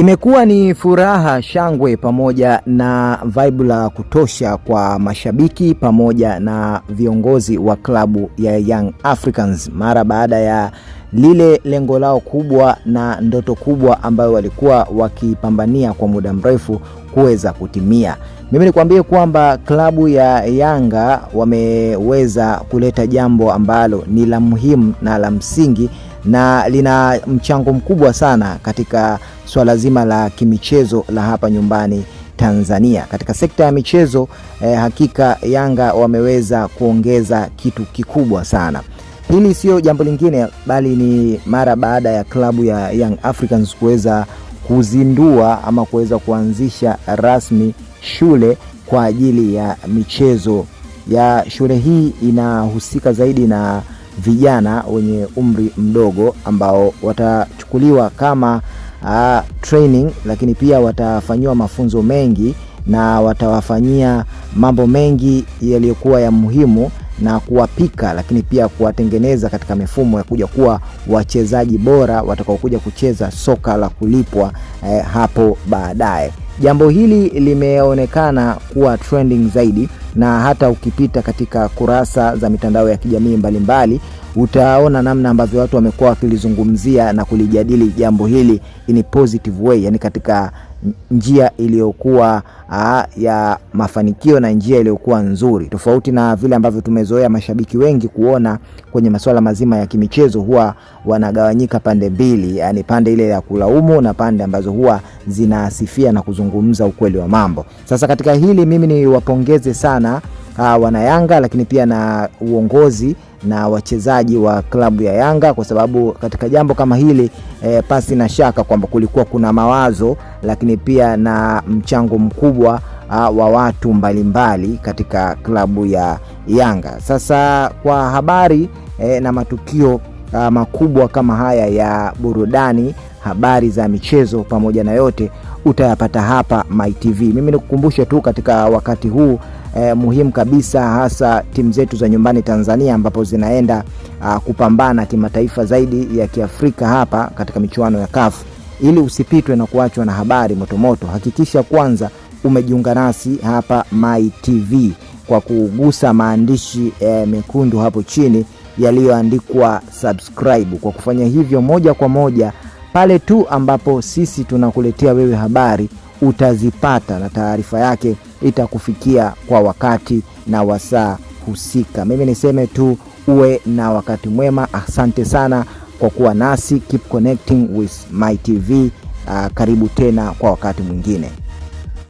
Imekuwa ni furaha, shangwe pamoja na vibe la kutosha kwa mashabiki pamoja na viongozi wa klabu ya Young Africans mara baada ya lile lengo lao kubwa na ndoto kubwa ambayo walikuwa wakipambania kwa muda mrefu kuweza kutimia. Mimi nikwambie kwamba klabu ya Yanga wameweza kuleta jambo ambalo ni la muhimu na la msingi na lina mchango mkubwa sana katika swala zima la kimichezo la hapa nyumbani Tanzania. Katika sekta ya michezo eh, hakika Yanga wameweza kuongeza kitu kikubwa sana. Hili siyo jambo lingine bali ni mara baada ya klabu ya Young Africans kuweza kuzindua ama kuweza kuanzisha rasmi shule kwa ajili ya michezo ya shule hii inahusika zaidi na vijana wenye umri mdogo ambao watachukuliwa kama uh, training, lakini pia watafanyiwa mafunzo mengi na watawafanyia mambo mengi yaliyokuwa ya muhimu na kuwapika, lakini pia kuwatengeneza katika mifumo ya kuja kuwa wachezaji bora watakaokuja kucheza soka la kulipwa eh, hapo baadaye. Jambo hili limeonekana kuwa trending zaidi, na hata ukipita katika kurasa za mitandao ya kijamii mbalimbali utaona namna ambavyo watu wamekuwa wakilizungumzia na kulijadili jambo hili in a positive way, yani katika njia iliyokuwa ah, ya mafanikio na njia iliyokuwa nzuri, tofauti na vile ambavyo tumezoea mashabiki wengi kuona kwenye masuala mazima ya kimichezo, huwa wanagawanyika pande mbili, yani pande ile ya kulaumu na pande ambazo huwa zinasifia na kuzungumza ukweli wa mambo. Sasa katika hili mimi niwapongeze sana uh, wana Yanga lakini pia na uongozi na wachezaji wa klabu ya Yanga kwa sababu katika jambo kama hili eh, pasi na shaka kwamba kulikuwa kuna mawazo lakini pia na mchango mkubwa uh, wa watu mbalimbali mbali katika klabu ya Yanga. Sasa kwa habari eh, na matukio uh, makubwa kama haya ya burudani, habari za michezo pamoja na yote utayapata hapa MyTV. Mimi nikukumbushe tu katika wakati huu eh, muhimu kabisa hasa timu zetu za nyumbani Tanzania ambapo zinaenda uh, kupambana kimataifa zaidi ya Kiafrika hapa katika michuano ya CAF. Ili usipitwe na kuachwa na habari motomoto, hakikisha kwanza umejiunga nasi hapa my TV kwa kugusa maandishi eh, mekundu hapo chini yaliyoandikwa subscribe. Kwa kufanya hivyo moja kwa moja pale tu ambapo sisi tunakuletea wewe habari utazipata na taarifa yake itakufikia kwa wakati na wasaa husika. Mimi niseme tu uwe na wakati mwema. Asante sana kwa kuwa nasi. Keep connecting with MyTV. Uh, ah, karibu tena kwa wakati mwingine.